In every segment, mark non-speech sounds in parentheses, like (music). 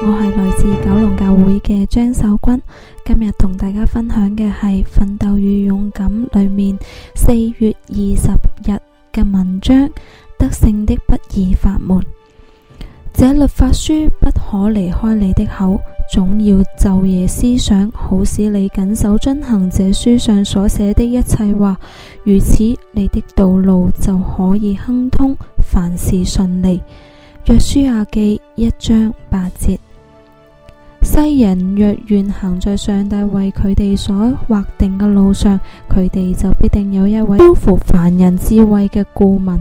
我係來自九龍教會嘅張秀君，今日同大家分享嘅係《奮鬥與勇敢》裏面四月二十日嘅文章。得勝的不二法門，這律法書不可離開你的口，總要晝夜思想，好使你謹守遵行這書上所寫的一切話。如此，你的道路就可以亨通，凡事順利。約書亞記一章八節：世人若願行在上帝為佢哋所劃定嘅路上，佢哋就必定有一位超乎凡人智慧嘅顧問。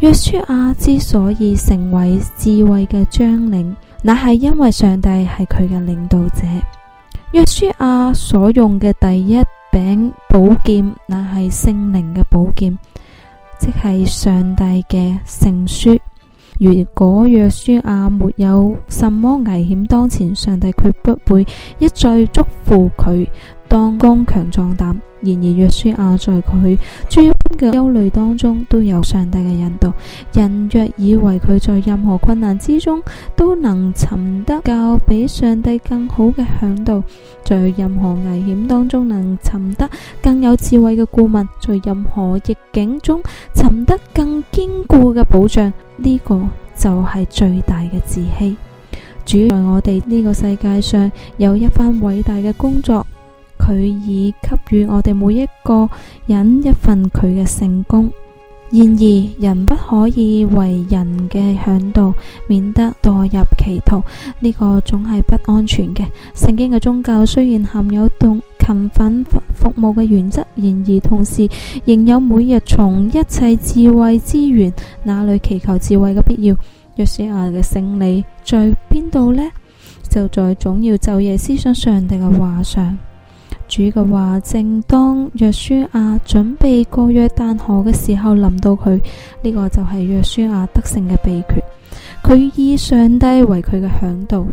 約書亞之所以成為智慧嘅將領，那係因為上帝係佢嘅領導者。約書亞所用嘅第一柄寶劍，那係聖靈嘅寶劍，即係上帝嘅聖書。如果約書亞沒有什麼危險，當前上帝決不會一再祝福佢當剛強壯膽。然而，約書亞在佢諸般嘅憂慮當中，都有上帝嘅引導。人若以為佢在任何困難之中都能尋得比較比上帝更好嘅向導，在任何危險當中能尋得更有智慧嘅顧問，在任何逆境中尋得更堅固嘅保障，呢個就係最大嘅自欺。主在我哋呢個世界上有一番偉大嘅工作，佢已給予我哋每一個人一份佢嘅成功。然而，人不可以為人嘅嚮導，免得墮入歧途。呢、這個總係不安全嘅。聖經嘅宗教雖然含有動勤奮服務嘅原則，然而同時仍有每日從一切智慧之源那裏祈求智慧嘅必要。約書亞嘅勝利在邊度呢？就在總要晝夜思想上帝嘅話上。主嘅話，正當約書亞準備過約旦河嘅時候，臨到佢，呢個就係約書亞得勝嘅秘訣。佢以上帝為佢嘅嚮導。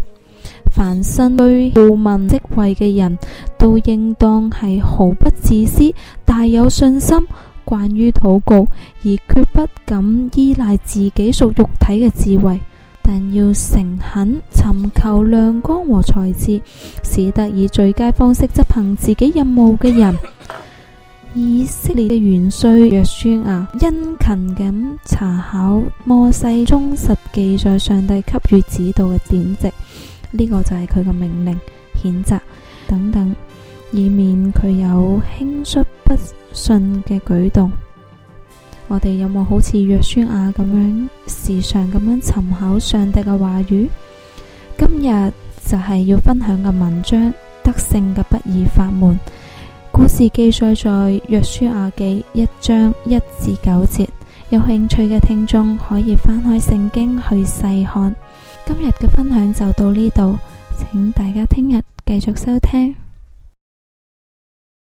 凡身居顧問職位嘅人都應當係毫不自私，大有信心，慣於禱告，而決不敢依賴自己屬肉體嘅智慧。但要誠懇尋求亮光和才智，使得以最佳方式執行自己任務嘅人。 (laughs) 以色列嘅元帥約書亞殷勤咁查考摩西忠實記載上帝給予指導嘅典籍。呢個就係佢個命令、譴責等等，以免佢有輕率不順嘅舉動。我哋有冇好似約書亞咁樣時常咁樣尋考上帝嘅話語？今日就係要分享嘅文章《得勝嘅不二法門》。故事記載在約書亞記一章一至九節。有興趣嘅聽眾可以翻開聖經去細看。今日嘅分享就到呢度，請大家聽日繼續收聽。